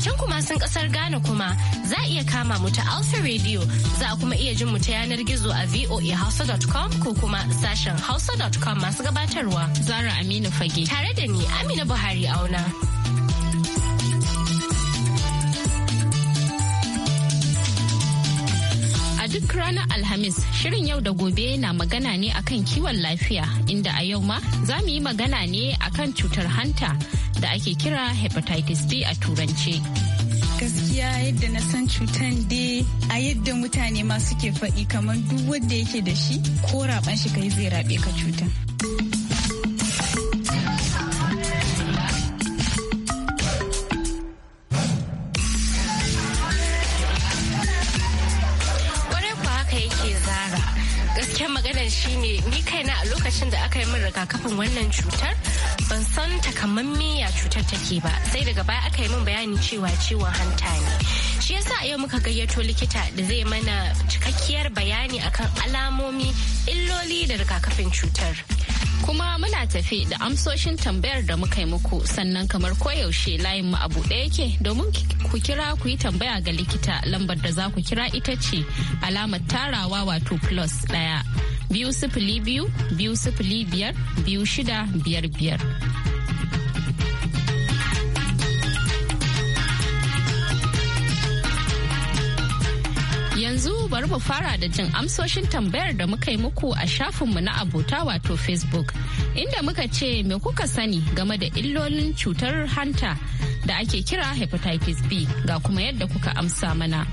can kuma sun kasar Ghana kuma za a iya kama mu ta Alpha Radio za a kuma iya jin mu ta yanar gizo a voahausa.com ko kuma sashen hausa.com masu gabatarwa. Zara Aminu Fage. Tare da ni Amina Buhari auna. duk ranar Alhamis shirin yau da gobe na magana ne akan kiwon lafiya inda a yau ma za mu yi magana ne akan cutar hanta da ake kira hepatitis B a turance. gaskiya yadda na san cutan dai a yadda mutane ma suke faɗi kamar duk wanda yake da shi ko raɓan shi kai zai raɓe ka cutan. akan shine ni kaina a lokacin da aka yi min rigakafin wannan cutar ban san takamamme ya cutar take ba sai daga baya aka yi min bayani cewa ciwon hanta ne shi yasa yau muka gayyato likita da zai mana cikakkiyar bayani akan alamomi illoli da rigakafin cutar kuma muna tafi da amsoshin tambayar da muka yi muku sannan kamar koyaushe layin mu a buɗe yake domin ku kira ku yi tambaya ga likita lambar da za ku kira ita ce alamar tarawa wato plus ɗaya biyu sifili biyu biyu sifili biyar biyu shida biyar biyar. yanzu bari mu fara da jin amsoshin tambayar da muka yi muku a shafinmu na abota wato facebook inda muka ce me kuka sani game da illolin cutar hanta da ake kira hepatitis b ga kuma yadda kuka amsa mana.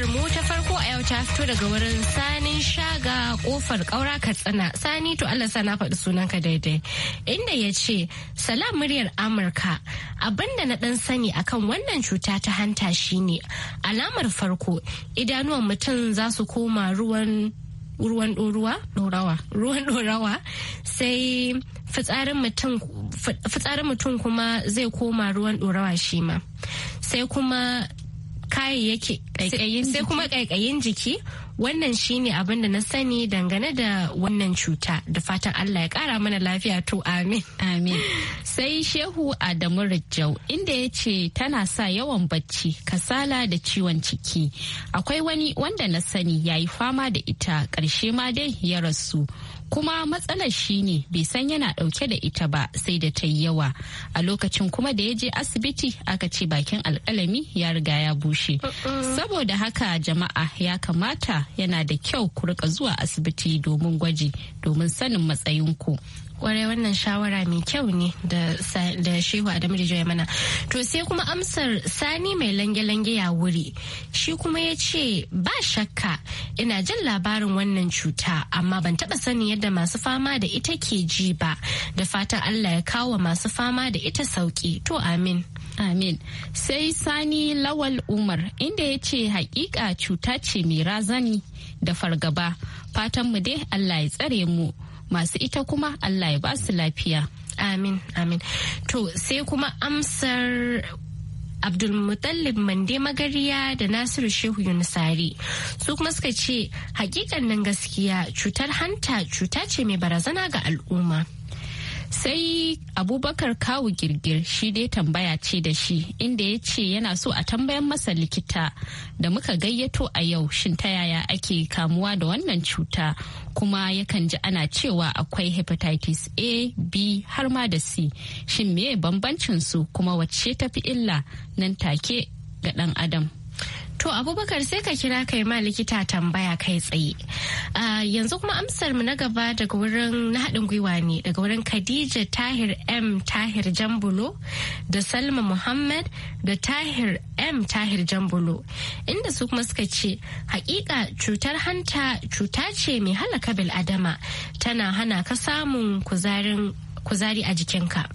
Tambayar mu ta farko a yau ta fito daga wurin Sani Shaga kofar ƙaura Katsina. Sani to Allah sana faɗi sunanka daidai. Inda ya ce, Salam muryar Amurka, abinda na dan sani akan wannan cuta ta hanta shine alamar farko idanuwan mutum za su koma ruwan ruwan ɗorawa ruwan ɗorawa sai fitsarin mutum kuma zai koma ruwan ɗorawa shi ma sai kuma kayayyaki sai kuma kaikayin jiki wannan shine abin da na sani dangane da wannan cuta da fatan Allah ya kara mana lafiya to amin amin sai shehu Adamu Rajau inda yace tana sa yawan bacci kasala da ciwon ciki akwai wani wanda na sani yayi fama da ita karshe ma dai ya rasu kuma matsalar shi ne bai san yana ɗauke da ita ba sai da ta yi yawa a lokacin kuma da ya je asibiti aka ce bakin alkalami ya riga ya bushe uh-uh. saboda haka jama'a ya kamata yana da kyau ku rika zuwa asibiti domin gwaji domin sanin matsayinku kwarai wannan shawara mai kyau ne da shehu adamu da ya mana to sai kuma amsar sani mai lange-lange ya wuri shi kuma ya ce ba shakka ina jin labarin wannan cuta amma ban taba sani yadda masu fama da ita ke ji ba da fatan allah ya kawo masu fama da ita sauki to amin Amin. Sai Sani Lawal Umar inda ya ce hakika cuta ce mai razani da fargaba. Fatanmu dai Allah ya tsare mu. masu ita kuma Allah ya ba su lafiya. Amin, amin. To sai kuma amsar Abdulmutallib Mande Magariya da Nasiru Shehu Yunusari su kuma suka ce hakikan nan gaskiya cutar hanta cuta ce mai barazana ga al'umma. sai abubakar kawu girgir shi dai tambaya ce da shi inda ya ce yana so a tambayan masa likita da muka gayyato a yau shin ta yaya ake kamuwa da wannan cuta kuma yakan ji ana cewa akwai hepatitis a b har ma da c shin meye bambancin su kuma wacce tafi illa nan take ga dan adam To Abubakar sai ka kira kai ma likita tambaya kai tsaye. yanzu kuma amsar mu na gaba daga wurin na haɗin gwiwa ne daga wurin Khadija Tahir M Tahir Jambulo da Salma Muhammad da Tahir M Tahir Jambulo inda su kuma suka ce hakika cutar hanta cuta ce mai halaka bil'adama tana hana ka samun kuzari a jikinka.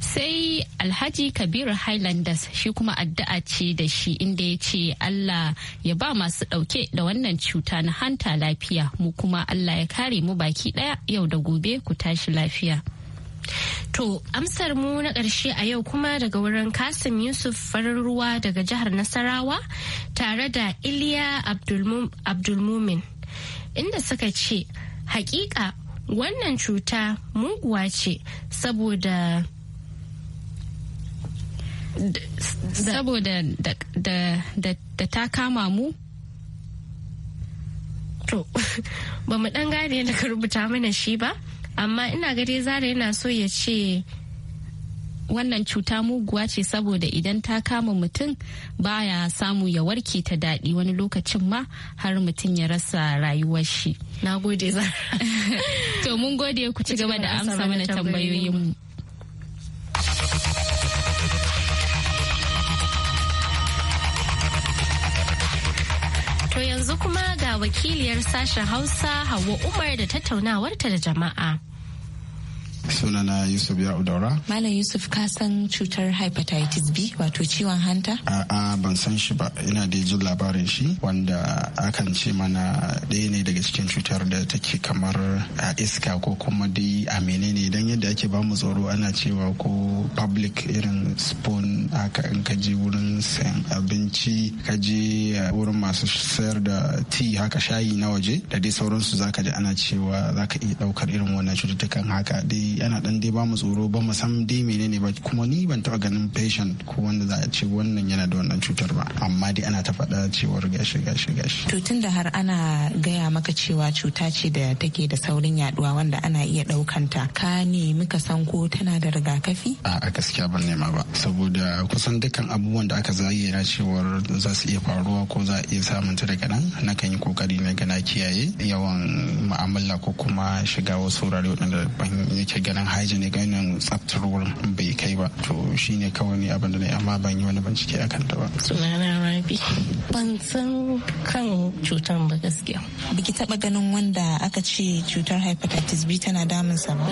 sai alhaji kabiru highlanders shi kuma addu'a ce da shi inda ya ce allah ya ba masu ɗauke da wannan cuta na hanta lafiya mu kuma allah ya kare mu baki ɗaya yau da gobe ku tashi lafiya To amsar mu na ƙarshe a yau kuma daga wurin Kasim Yusuf farin ruwa daga jihar Nasarawa tare da Iliya Abdulmumin inda suka ce hakika wannan cuta muguwa ce saboda saboda da ta kama mu to ba mu dan gane yadda ka rubuta mana shi ba amma ina gade zara yana so ya ce wannan cuta muguwa ce saboda idan ta kama mutum baya samu ya warke ta daɗi wani lokacin ma har mutum ya rasa rayuwar shi. Na gode za. to mun gode ku ci gaba da amsa mana tambayoyinmu. To yanzu kuma ga wakiliyar sashen Hausa Hauwa Umar da tattaunawarta da jama'a. sunana yusuf ya udaura malam yusuf ka san cutar hepatitis b wato ciwon hanta a'a ban san shi ba ina da jin labarin shi wanda akan ce mana ɗaya ne daga cikin cutar da take kamar a iska ko kuma dai a menene dan yadda ake ba mu tsoro ana cewa ko public irin spoon aka in ka je wurin sayan abinci ka je wurin masu sayar da tea haka shayi na waje da dai sauransu zaka ji ana cewa zaka iya daukar irin wannan cututtukan haka dai yana ana dan dai ba mu tsoro ba mu san dai menene ba kuma ni ban taba ganin patient ko wanda za a ce wannan yana da wannan cutar ba amma dai ana ta faɗa cewar gashi gashi gashi to tun da har ana gaya maka cewa cuta ce da take da saurin yaduwa wanda ana iya ɗaukanta ka ne muka san ko tana da rigakafi a gaskiya ban nema ba saboda kusan dukkan abubuwan da aka zayyana cewar za su iya faruwa ko za a iya samun ta daga nan nakan yi kokari na gana kiyaye yawan ma'amala ko kuma shiga wasu wurare waɗanda ban yake ganin ne ganin tsaftar wurin bai kai ba to shine kawai ne abin da na amma ban yi wani bincike a kanta ba sunana rabi ban san kan cutar ba gaskiya biki taba ganin wanda aka ce cutar hepatitis b tana damunsa ba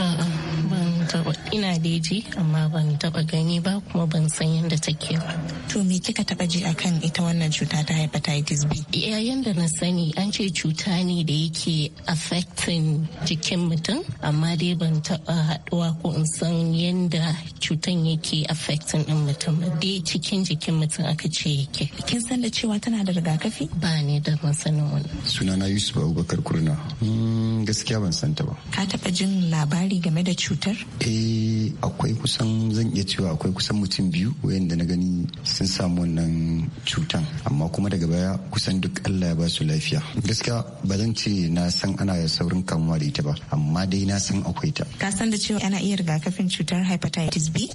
taba ina deji amma ban taba gani ba kuma ban san yadda take ba to me kika taba ji akan ita wannan cuta ta hepatitis B yayin da na sani an ce cuta ne da yake affecting jikin mutum amma dai ban taba haduwa ko in san yadda cutan yake affecting din mutum dai cikin jikin mutum aka ce yake kin san da cewa tana da rigakafi ba ne da sani wani sunana Yusuf Abubakar Kurna hmm, gaskiya ban santa ba ka taba jin labari game da cutar eh akwai kusan zan iya cewa akwai kusan mutum biyu wayanda na gani sun samu wannan cutan amma kuma daga baya kusan duk Allah ya ba su lafiya gaskiya ba zan ce na san ana saurin kamuwa da ita ba amma dai na san akwai ta ka san da cewa ana iya rigakafin cutar hepatitis B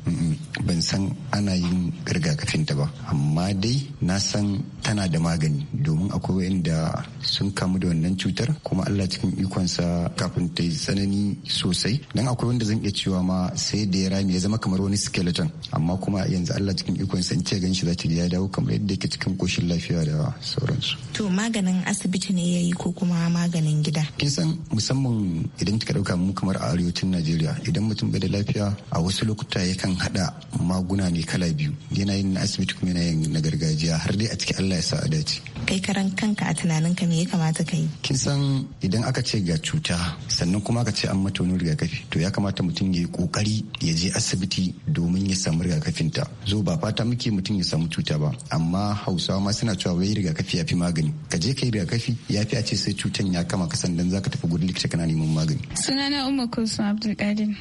ban san ana yin rigakafin ta ba amma dai na san tana da magani domin akwai wayanda sun kamu da wannan cutar kuma Allah cikin ikonsa kafin ta yi tsanani sosai dan akwai wanda zan iya cewa cewa ma sai da ya rami ya zama kamar wani skeleton amma kuma yanzu Allah cikin ikon san ce gan shi za ya dawo kamar yadda yake cikin koshin lafiya da sauransu. To maganin asibiti ne ya yi ko kuma maganin gida? Kin san musamman idan kika dauka mu kamar a arewacin Najeriya idan mutum bai da lafiya a wasu lokuta yakan hada maguna ne kala biyu yana yin asibiti kuma yana yin na gargajiya har dai a cikin Allah ya sa a dace. Kai karan kanka a tunanin ka me ya kamata ka yi? Kin san idan aka ce ga cuta sannan kuma aka ce an mata wani rigakafi to ya kamata mutum ya yi kokari ya je asibiti domin ya samu rigakafin ta zo ba fata muke mutum ya samu cuta ba amma hausawa ma suna cewa wai rigakafi ya fi magani ka je kai rigakafi ya fi a ce sai cutan ya kama ka sandan zaka tafi gurin likita kana neman magani sunana umar kulsum abdulkadir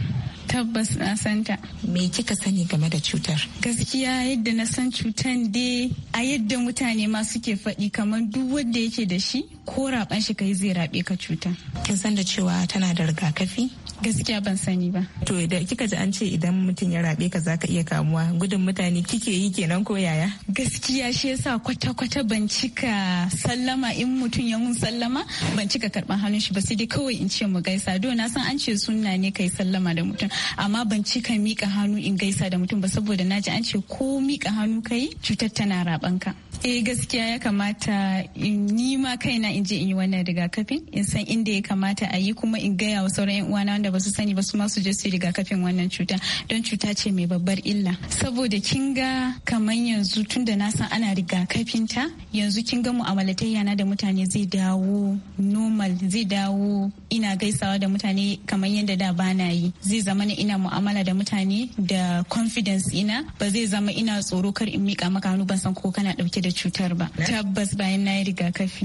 tabbas na santa me kika sani game da cutar gaskiya yadda na san cutan dai a yadda mutane ma suke faɗi kamar duk wanda yake da shi ko raban shi kai zai rabe ka cuta kin san da cewa tana da rigakafi gaskiya ban sani ba to da kika ji an ce idan mutum ya rabe ka zaka iya kamuwa gudun mutane kike yi kenan ko yaya gaskiya shi yasa kwata kwata ban cika sallama in mutum ya mun sallama ban cika karban hannun shi ba sai dai kawai in ce mu gaisa do na san an ce sunna ne kai sallama da mutum amma ban cika mika hannu in gaisa da mutum ba saboda naji an ce ko mika hannu kai cutar tana rabanka eh gaskiya ya kamata ni ma kaina in je in yi wannan rigakafin in san inda ya kamata a yi kuma in gaya wa sauran yan uwana wanda ba su sani ba su ma su je su yi rigakafin wannan cuta don cuta ce mai babbar illa saboda kin ga kamar yanzu tun da na san ana rigakafin ta yanzu kin ga mu'amalatayya na da mutane zai dawo normal zai dawo ina gaisawa da mutane kamar yadda da bana yi zai zama na ina mu'amala da mutane da confidence ina ba zai zama ina tsoro kar in mika maka hannu ban san ko kana dauke da cutar ba tabbas bayan na yi rigakafi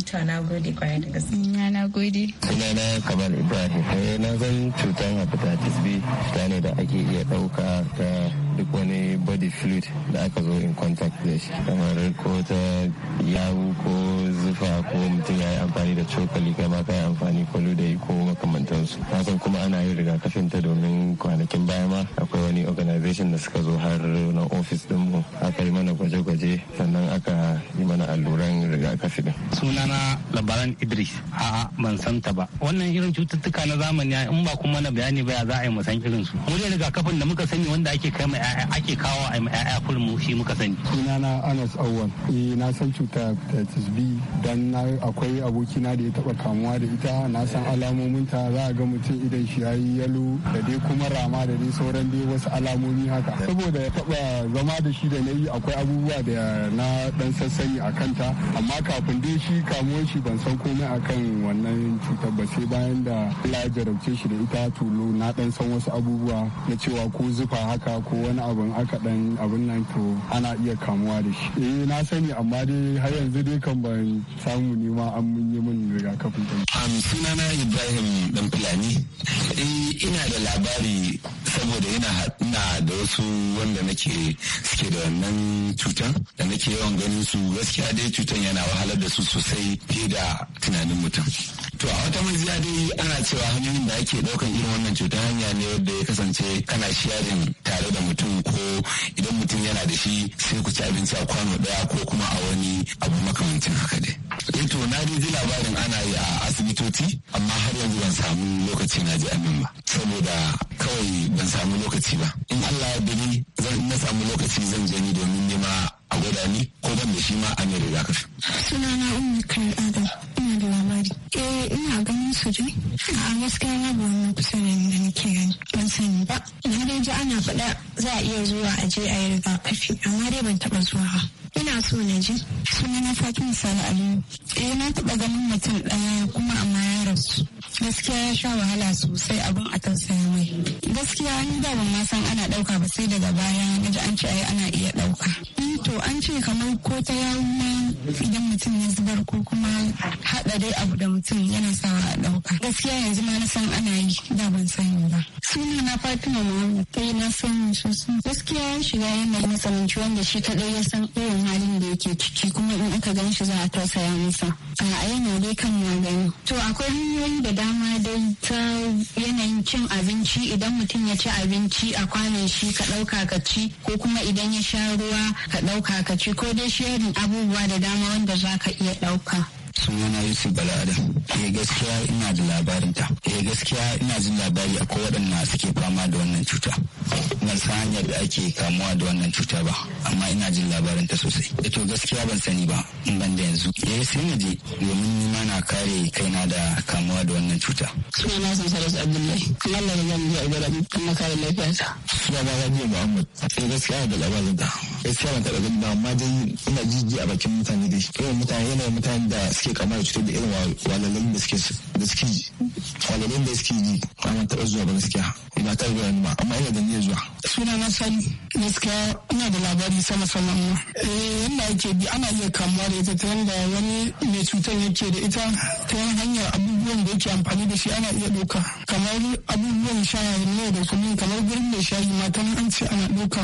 gode kwaya da gaske. Na mm, na gode. Suna na Kamal Ibrahim. sai eh, na zan cutar hepatitis B ta ne da ake iya ɗauka ta duk wani body fluid da aka zo in contact da shi kamar ko ta yawu ko zufa ko mutum ya yi amfani da cokali kai ma kai amfani ko ludayi ko makamantansu na san kuma ana yin rigakafin ta domin kwanakin baya ma akwai wani organization da suka zo har na ofis mu aka yi mana gwaje-gwaje sannan aka yi mana alluran rigakafi din sunana labaran idris a'a ban san ba wannan irin cututtuka na zamani in ba kuma na bayani ba ya za a yi musan irin su mu da rigakafin da muka sani wanda ake kai ma ake kawo a ma ƴaƴa mu shi muka sani na Anas Awwan eh na san cuta hepatitis B dan akwai aboki na da ya taba kamuwa da ita na san alamomin ta za a ga mutum idan shi yayi yalo da dai kuma rama da dai sauran dai wasu alamomi haka saboda ya taba zama da shi da nayi akwai abubuwa da na dan sassani a kanta amma kafin dai shi kamuwar shi ban ban san komai akan wannan cutar ba sai bayan da Allah ya jarabce shi da ita tulu na dan san wasu abubuwa na cewa ko zufa haka ko wani abun aka dan abun nan to ana iya kamuwa da shi eh na sani amma dai har yanzu dai kan ban samu nema an mun yi min rigakafin ta am sunana Ibrahim dan Fulani eh ina da labari saboda ina ina da wasu wanda nake suke da wannan cutan da nake yawan ganin su gaskiya dai cutan yana wahalar da su sosai fiye da tunanin mutum to a wata maziya dai ana cewa hanyoyin da ake daukan irin wannan cutar hanya ne wanda ya kasance kana sharing tare da mutum ko idan mutum yana da shi sai ku ci abinci a kwano daya ko kuma a wani abu makamancin haka dai eh to na dai ji labarin ana yi a asibitoci amma har yanzu ban samu lokaci na ji amin ba saboda kawai ban samu lokaci ba in Allah ya ni zan na samu lokaci zan je ni domin nema a gwada ni ko ban da shi ma an yi rigakafi. sunana umar kai adam ina da labari eh ina ganin su je a gaskiya babu wannan kusa da da nake gani ban sani ba na dai ji ana faɗa za a iya zuwa a je a yi kafi amma dai ban taɓa zuwa ba ina so na ji sunana fatima sani aliyu eh na taɓa ganin mutum ɗaya kuma amma ya rasu gaskiya ya sha wahala sosai abin a tausaya mai gaskiya ni da ban ma san ana ɗauka ba sai daga baya na ji an ce ai ana iya ɗauka to an ce kamar ko ta yawu idan mutum ya zubar ko kuma haɗa dai abu da mutum yana sawa a ɗauka. Gaskiya yanzu ma na san ana yi da ban sani ba. Suna na Fatima ta kai na sani sosai. Gaskiya ya shiga yanayi matsananci wanda shi kaɗai ya san irin halin da yake ciki kuma in aka gan shi za a tausaya masa. A yana dai kan magani. To akwai hanyoyi da dama dai ta yanayin cin abinci idan mutum ya ci abinci a kwanan shi ka ɗauka ka ci ko kuma idan ya sha ruwa ka Dauka ka ci ko dai sharing abubuwa da dama wanda za ka iya ɗauka. sunana yusuf balada ke eh, gaskiya ina da labarin ta eh, gaskiya ina jin labari akwai waɗanda suke fama da wannan cuta ban san hanyar da ake kamuwa da wannan cuta ba amma ina jin labarin ta sosai eh to gaskiya ban sani ba in ban da yanzu yi eh, sai naje domin ni ma na kare kaina da kamuwa da wannan cuta sunana sun sarar abdullahi kuma Allah ya zama ya ibada kuma kare lafiyarsa sunana ba muhammad ke gaskiya da labarin ta gaskiya ban taɓa gani ba amma dai ina jiji a bakin mutane dai irin mutane yanayin mutane da suke kama da cutar da irin walalun da suke da suke walalun da suke yi ba taɓa zuwa ba gaskiya ba ta ruwa ba amma ina da niyyar zuwa. suna na sani gaskiya ina da labari sama sama ma eh yanda ake bi ana iya kamuwa da ita ta yanda wani mai cutar yake da ita ta hanyar abubuwan da yake amfani da shi ana iya doka kamar abubuwan sha ne da kullum kamar gurin da shayi mata ta an ce ana doka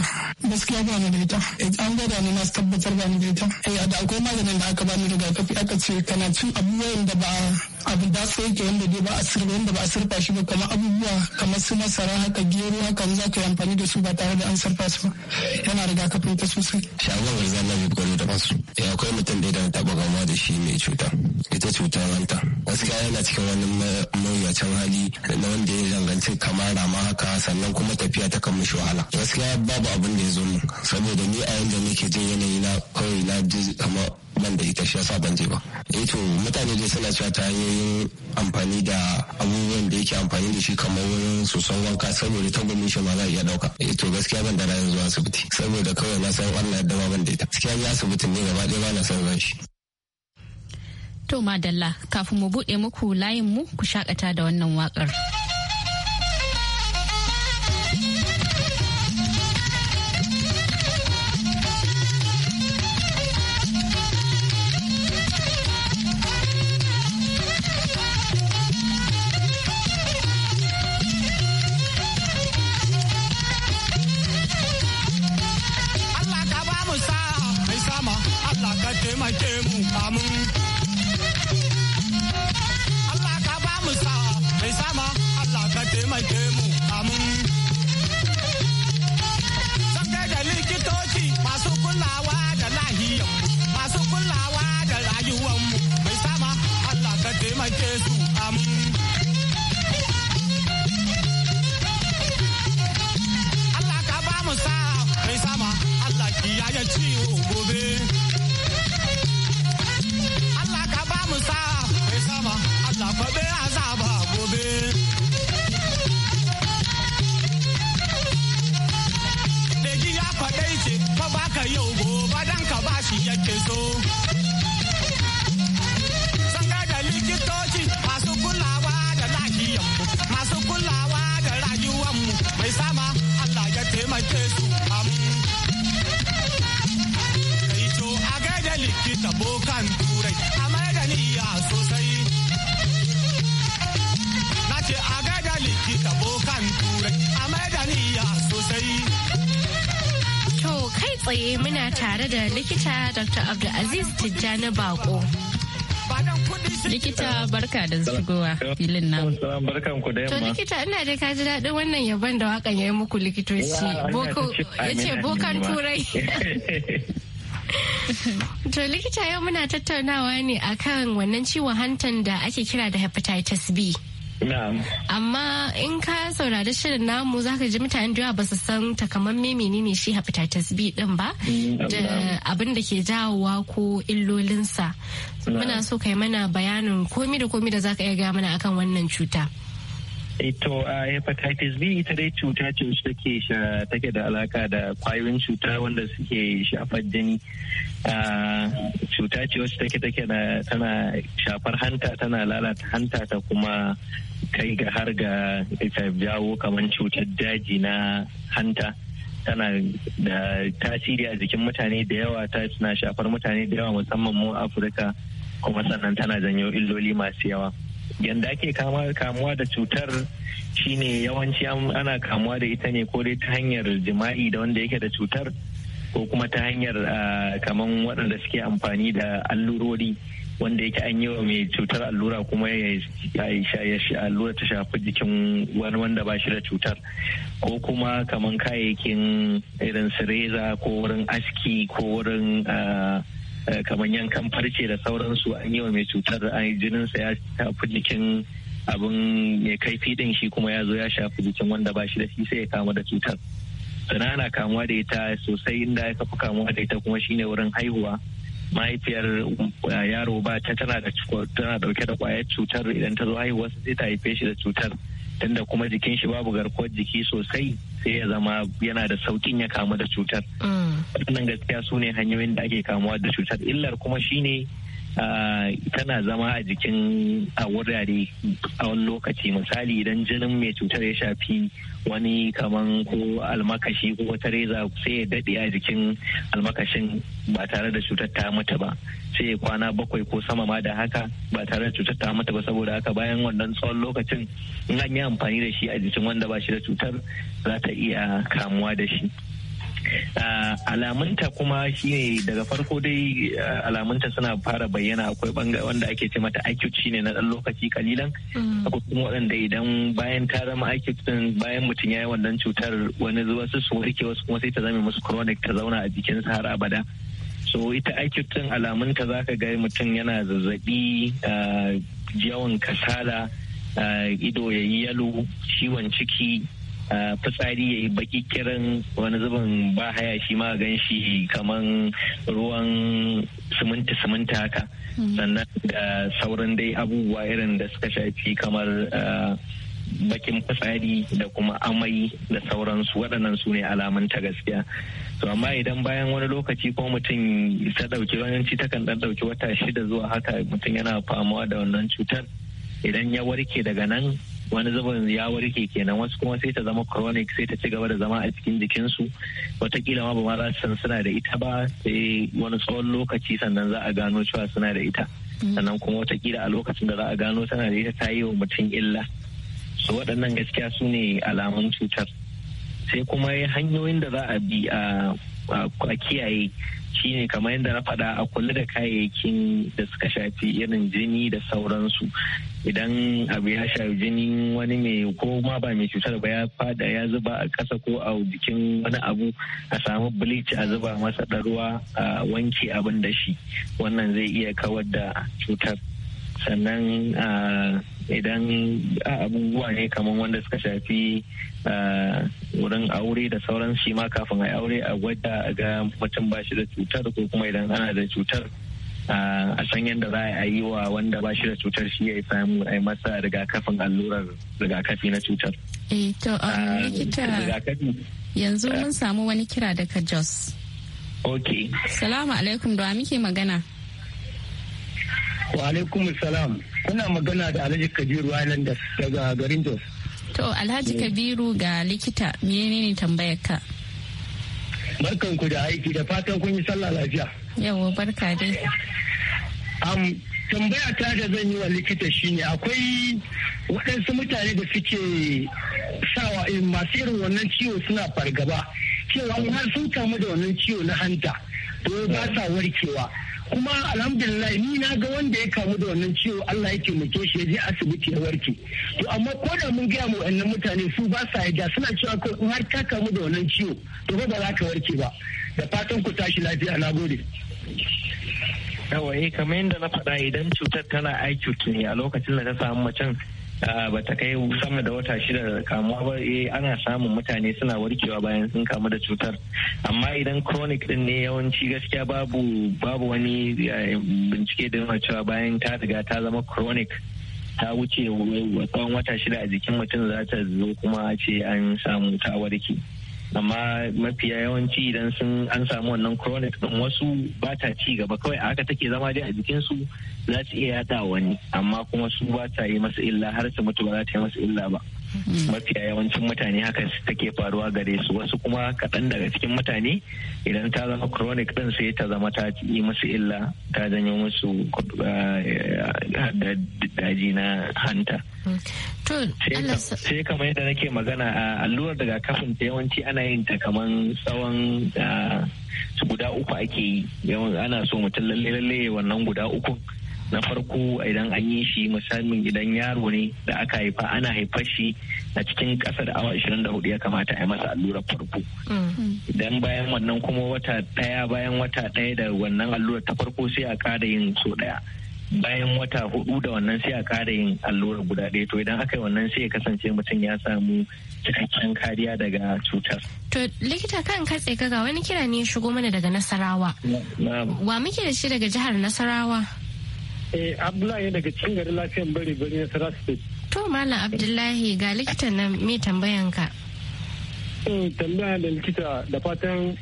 gaskiya ba ni da ita eh, an gada ni na tabbatar ba ni da ita eh da akwai maganin da aka ni rigakafi aka ce kana cin abubuwan da ba abin da su yake wanda dai ba a sirba wanda ba a sirfa shi ba kamar abubuwa kamar su masara haka gero haka za ka yi amfani da su ba tare da an sarfa su yana riga ka ta sosai. shagon wanzan na da masu eh, akwai mutum da ya taɓa gama da shi mai cuta ita cutar hanta gaskiya yana cikin wani mawuyacin hali na wanda ya danganci kamar rama haka sannan kuma tafiya ta kan mishi wahala gaskiya babu abin da ya zo mu saboda ni a yanzu nake jin yanayi na kawai na ji kamar ban da ita shi yasa ban je ba eh to mutane dai suna cewa ta hanyoyin amfani da abubuwan da yake amfani da shi kamar wurin san wanka saboda ta gumin shi ma za a iya dauka eh to gaskiya ban da rayuwar zuwa asibiti saboda kawai na san wannan ya ban da ita gaskiya ni asibitin ne gaba ɗaya ba na san zan shi To Madalla, kafin mu buɗe muku layin mu ku shakata da wannan waƙar. Allah ka ba mu sa mai sama, Allah ka taimake mu amin. taimake mu amin. Zaka da likitoci masu kulawa da lahiyar masu kulawa da rayuwanmu mai sama Allah ka taimake su amin. Allah ka ba mu mai sama Allah kiyaye ciwo gobe. Allah ka ba mu mai sama Allah fa baka yau gobe dan ka bashi yake so san da likitoci masu kulawa da lahiyanmu masu kulawa da rayuwanmu mai sama Allah ya taimake su kai to a gaida likita bokan turai tsaye muna tare da likita Dr. Abdulaziz Tijjani Bako. Likita barka da shigowa filin nan To likita ina da ka ji daɗin wannan yabon da wakan ya yi muku likitoci. Ya ce bokan turai. to likita yau muna tattaunawa ne akan wannan ciwon hantan da ake kira da hepatitis B. Amma in ka saurari shirin namu zaka ji mutane da yawa ba su san takamamme menene shi hepatitis B din ba mm, da abin da ke jawowa ko illolinsa. Muna so ka yi mana bayanin komi da komi da za ka iya gaya mana akan wannan cuta. Ito eh, a hepatitis B ita dai cuta ce wacce take take da alaka da kwayoyin cuta wanda suke shafar jini. Cuta ce wacce take take da tana shafar hanta tana lalata hanta ta kuma kai ga har ga ita jawo kamar cutar daji na hanta. tana da tasiri a jikin mutane da yawa ta suna shafar mutane da yawa musamman mu afirka kuma sannan tana janyo illoli masu yawa yanda ake kamuwa da cutar shine yawanci ana kamuwa da ita ne ko dai ta hanyar jima'i da wanda yake da cutar ko kuma ta hanyar kaman waɗanda suke amfani da allurori wanda yake an yi wa mai cutar allura kuma ya allura ta shafi jikin wani wanda ba shi da cutar ko kuma kaman kayayyakin irin su ko wurin aski ko wurin Eh, kamar yankan farce da sauransu an yi wa mai cutar an jinin sa ya shafi jikin abin mai kaifi din shi kuma ya zo ya shafi jikin wanda ba shi da shi sai ya kama da cutar sana ana kamuwa da ita sosai inda aka fi kamuwa da ita kuma shine wurin haihuwa mahaifiyar eh, yaro ba ta tana da tana dauke da kwayar cutar idan ta zo haihuwa sai ta haife shi da cutar tunda kuma jikin shi babu garkuwar jiki sosai sai ya zama yana da saukin ya kamu da cutar. Mm. Wannan gaskiya su ne hanyoyin da ake kamuwa da cutar illar kuma shine tana zama a jikin a wurare a wani lokaci misali idan jinin mai cutar ya shafi wani kaman ko almakashi ko wata reza sai ya daɗe a jikin almakashin ba tare da cutar ta mutu ba sai ya kwana bakwai ko sama ma da haka ba tare da cutar ta mutu ba saboda haka bayan wannan tsawon lokacin in an yi amfani da shi a jikin wanda ba shi da cutar za ta iya kamuwa da shi Eh, alamunta kuma shi ne daga farko dai eh, alamunta suna fara bayyana akwai bangare wanda ake ce mata acute shine na dan lokaci kalilan mm. akwai kuma waɗanda idan bayan ta zama acute din bayan mutum ya yi wannan cutar wani wasu su warke wasu kuma sai ta zama musu chronic ta zauna a jikinsa har abada so ita acute din alamunta zaka ga mutum yana zazzabi eh, yawan kasala ido yayi yi yalo ciwon ciki fitsari ya yi baki kiran wani zubin ba haya shi ma gan shi kaman ruwan siminti siminti haka hmm. sannan da sauran dai abubuwa irin da suka shafi kamar bakin fitsari da kuma amai da sauransu waɗannan su ne alamun ta gaskiya to amma idan bayan wani lokaci ko mutum ta ɗauki yawanci takan ɗan ɗauki wata shida zuwa haka mutum yana famuwa da wannan cutar idan ya warke daga nan wani zubin ya warke kenan wasu kuma sai ta zama chronic sai ta ci gaba da zama a cikin jikinsu watakila ma ba za san suna da ita ba sai wani tsawon lokaci sannan za a gano cewa suna da ita mm. sannan kuma watakila a lokacin da za a gano tana da ita ta yi wa mutum illa su waɗannan gaskiya su ne alamun cutar sai kuma hanyoyin da za a bi a kiyaye shine kamar yadda na faɗa a kula da kayayyakin da suka shafi irin jini da sauransu idan abu ya sha jinin wani mai ko ma ba mai cutar ba ya fada ya zuba a kasa ko a jikin wani abu a samu bleach a zuba masa da ruwa a wanke abin da shi wannan zai iya kawar da cutar sannan idan abubuwa ne kamar wanda suka shafi wurin aure da sauran shi ma kafin a aure a gwada a ga mutum ba shi da cutar ko kuma idan ana da cutar a san yadda za a yi wa wanda ba shi da cutar shi ya samu a masa rigakafin allurar rigakafi na cutar. Eh, uh, yanzu mun samu wani kira daga Jos. Ok. Salamu alaikum da muke magana. Wa alaikum salam. Kuna magana da Alhaji Kabiru Islander daga garin Jos. To Alhaji Kabiru ga likita menene tambayar ka? Barkanku da aiki da fatan kun yi sallah lafiya. yawo barka dai. tambaya ta da zan yi wa likita shine akwai waɗansu mutane da suke sawa masu irin wannan ciwo suna fargaba cewa har sun kamu da wannan ciwo na hanta to ba sa warkewa kuma alhamdulillah ni na ga wanda ya kamu da wannan ciwo Allah ya taimake shi ya je asibiti ya warke to amma ko da mun gaya mu wannan mutane su ba sa yarda suna cewa ko in har ka kamu da wannan ciwo to ba za ka warke ba da fatan ku tashi lafiya na gode Yawaye eh, kamar yadda na faɗa idan cutar tana aiki ne a lokacin da ta samu macen ah, ba ta kai sama da wata shida da kamuwa ba eh ana samun mutane suna warkewa bayan sun kamu da cutar amma idan chronic din ne yawanci gaskiya babu babu wani bincike da nuna cewa bayan ta riga ta zama chronic ta wuce tsawon wata shida a jikin mutum za ta zo kuma a ce an samu ta warke. amma mafiya yawanci idan sun an samu wannan chronic din wasu ba ta ci gaba kawai a haka take zama dai a su za su iya yada wani amma kuma su ba ta yi masa illa har su mutu ba za ta yi masa illa ba mafiya yawancin mutane haka take faruwa gare su wasu kuma kaɗan daga cikin mutane idan ta zama chronic ɗin sai ta zama ta yi musu illa ta janyo musu eh, daji na hanta sai kamar yadda nake magana a allurar daga kafin ta yawanci ana yin ta kamar tsawon eh, guda uku ake yi ana so mutum lalle lalle wannan guda uku na farko idan an yi shi musamman idan yaro ne da aka haifa ana haifar shi a cikin kasa da awa 24 ya kamata a yi masa allurar farko idan bayan wannan kuma wata daya bayan wata daya da wannan allurar ta farko sai a kada yin so ɗaya bayan wata hudu da wannan sai a ƙara yin allurar guda ɗaya to idan aka wannan sai ya kasance mutum ya samu cikakken kariya daga cutar. To likita kan katse kaga wani kira ne ya shigo mana daga Nasarawa. Wa muke da shi daga jihar Nasarawa? Eh, Abdullahi daga cikin garin lafiyan bari bari na Sarat State. To Malam Abdullahi ga likita na me tambayan ka? Eh, tambaya da likita da fatan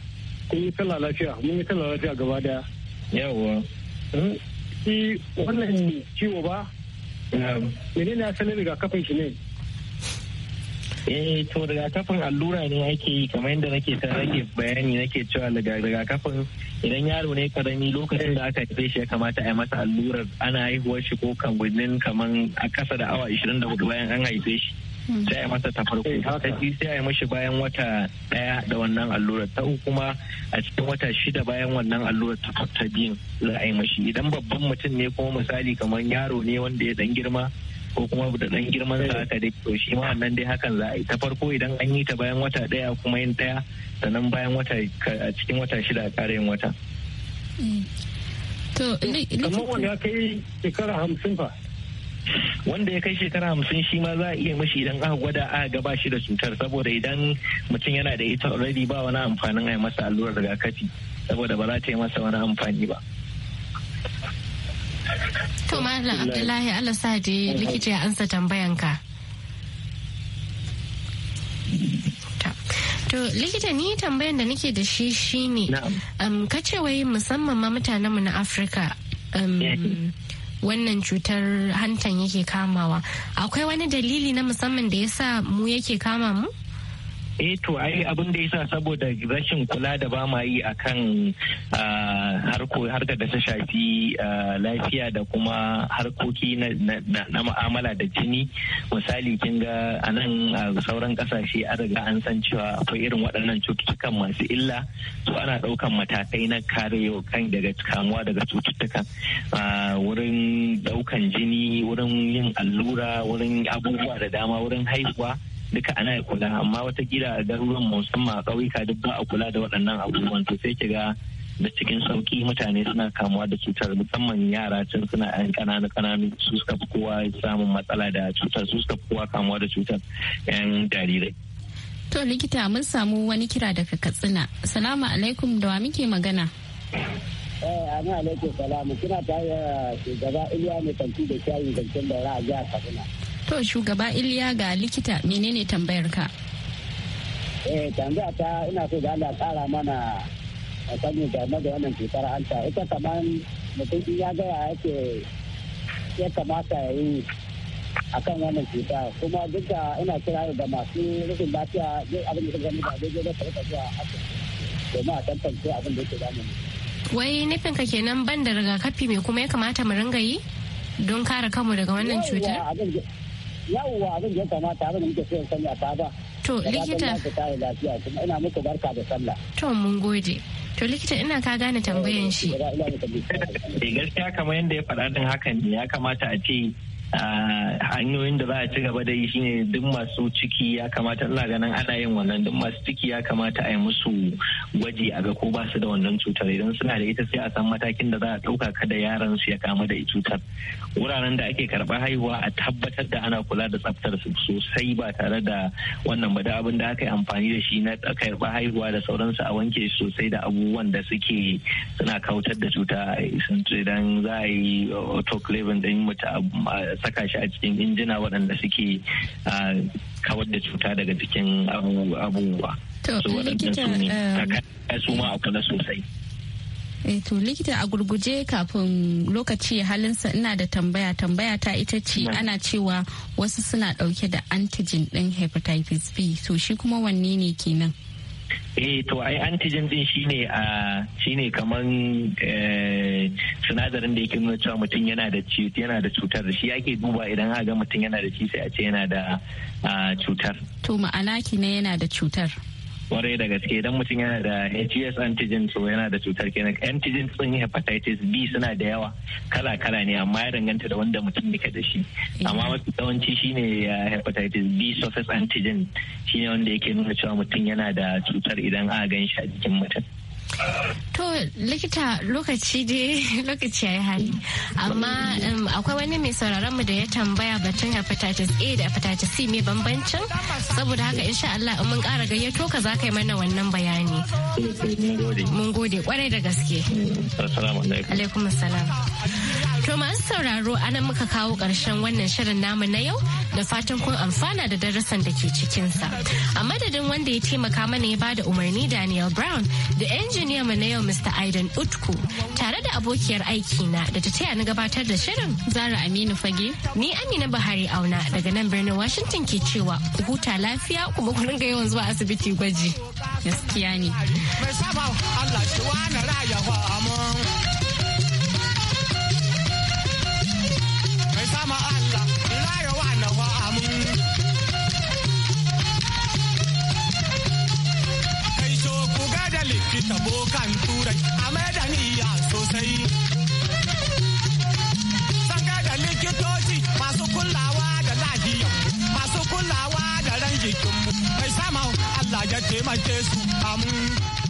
ku yi sallah lafiya, mun yi sallah lafiya gaba daya. Yawwa. Eh, shi wannan ciwo ba? Menene asalin rigakafin shi ne? Eh to rigakafin allura ne ake yi kamar yadda nake ta rage bayani nake cewa rigakafin idan yaro ne karami lokacin da aka haife shi ya kamata a masa allurar ana haihuwar shi ko kan gudun kamar a kasa da awa 24 bayan an haife shi. Hmm. sai a masa ta farko eh, ta biyu sai a yi mashi bayan wata daya da wannan allurar ta uku kuma a cikin wata shida bayan wannan allurar ta biyun za a yi mashi idan babban mutum ne kuma misali kamar yaro ne wanda ya dan girma ko kuma da dan girman sa haka dai to shi ma wannan dai hakan za a yi ta farko idan an yi ta bayan wata daya kuma yin daya sannan bayan wata a cikin wata shida a ƙara yin wata. To kamar wanda ya kai shekara hamsin fa. Wanda ya kai shekara hamsin shi ma za a iya mashi idan aka gwada aka gaba shi da cutar saboda idan mutum yana da ita already ba wani amfanin a masa allurar rigakafi saboda ba za ta yi masa wani amfani ba. To Malam Abdullahi Allah sa dai likita ya ansa tambayan ka. To likita ni tambayan da nake da shi shine um, kace wai musamman ma mutanenmu na Afirka um, wannan cutar hantan yake kamawa. Akwai wani dalili na musamman da ya sa mu yake kama mu? eh to ai abin da yasa saboda rashin kula da ba ma yi akan ah, harkar da ta shafi ah, lafiya da kuma harkoki na ma'amala da jini misali kin ga a nan sauran kasashe an riga an san cewa akwai irin waɗannan cututtukan masu illa to ana ɗaukan matakai na kare kan daga kamuwa daga cututtukan ah, wurin ɗaukan jini wurin yin allura wurin abubuwa da dama wurin haihuwa duka ana ya kula amma wata gida a garuruwan musamman a ƙauyuka duk ba a kula da waɗannan abubuwan to sai kiga da cikin sauki mutane suna kamuwa da cutar musamman yara tun suna yan ƙananu ƙananu su suka fi kowa samun matsala da cutar su suka fi kowa kamuwa da cutar yan jarirai. To likita mun samu wani kira daga Katsina. Salamu alaikum da wa muke magana. Eh, ana alaikum salamu kina ta yi shugaba Iliya mai kanti da shayin zancen da ra'a jihar Katsina. To shugaba Iliya ga likita menene tambayar ka? Eh tambaya ta ina so da Allah tsara mana a da game da wannan cutar hanta ita kaman mutum ya gaya yake ya kamata ya yi akan wannan cuta kuma duk da ina kira da masu rufin lafiya duk abin da suka gani ba daidai da karka zuwa asibiti domin a tantance abin da yake damun wai nufin ka kenan ban da rigakafi me kuma ya kamata mu ringa yi don kare kanmu daga wannan cutar yawwa abin da ya kamata abin da muke so sani a ba to likita ina muku barka da sallah to mun gode to likita ina ka gane tambayan shi eh, gaskiya kamar yadda ya faɗa din hakan ne ya kamata a ce hanyoyin da za a ci gaba da yi shine duk masu ciki ya kamata ina ganin ana yin wannan duk masu ciki ya kamata a yi musu gwaji a ga ko ba su da wannan cutar idan suna da ita sai a san matakin da za a ɗauka kada yaran su ya kama da cutar wuraren da ake karɓar haihuwa a tabbatar da ana kula da tsaftar su sosai ba tare da wannan ba da abin da aka yi amfani da shi na karɓar haihuwa da sauransu a wanke sosai da abubuwan da suke suna kautar da cuta idan za a yi autoclaving din mutu saka shi a cikin injina waɗanda suke ah, kawar da cuta daga cikin abubuwa. To, um, su ma a sosai. Eh, likita a gurguje kafin lokaci halinsa ina da tambaya tambaya ta ita ce ana cewa wasu suna dauke da antigen din hepatitis B to shi kuma wanne ne kenan? eh to ai antigen din shine a ah, shine kaman eh, sinadarin da yake nuna cewa mutum yana da yana da cutar da shi ake duba idan aka ga mutum yana da shi sai a ce yana da ah, cutar to ma'ana ki ne yana da cutar kwarai da gaske idan mutum yana da hgs e antigen so yana da cutar kenan antigen sun hepatitis b suna da yawa kala kala ne amma ya danganta da wanda mutum yake da shi amma mafi yawanci shine hepatitis b surface antigen shine wanda yake nuna cewa mutum yana da cutar idan a gan shi a jikin mutum To likita lokaci dai lokaci ya yi hali. Amma akwai wani mai sauraron mu da ya tambaya batun hepatitis A da hepatitis C mai bambancin saboda haka insha Allah mun kara gayyato ka za ka yi mana wannan bayani. Eh, eh, mun gode kwarai da gaske. Assalamu alaikum. Alaikum assalam. To masu sauraro anan muka kawo ƙarshen wannan shirin namu na yau da fatan kun amfana da darasan da ke cikinsa. A madadin wanda ya taimaka mana ya bada umarni Daniel Brown da injiniya mu na yau Mr. Aidan Utku tare da abokiyar aiki na da ta taya na gabatar da shirin Zara Aminu Fage. Ni Amina Buhari Auna daga nan birnin Washington ke cewa ku huta lafiya kuma ku ringa yawan zuwa asibiti gwaji. Gaskiya ne. Mai Allah shi raya sama Allah la yawa na wa kai so ku ga da likita bokan turai a da niyya sosai sanga da likitoci masu kulawa da lahiya masu kulawa da ran mu, kai sama Allah ya taimake su amu.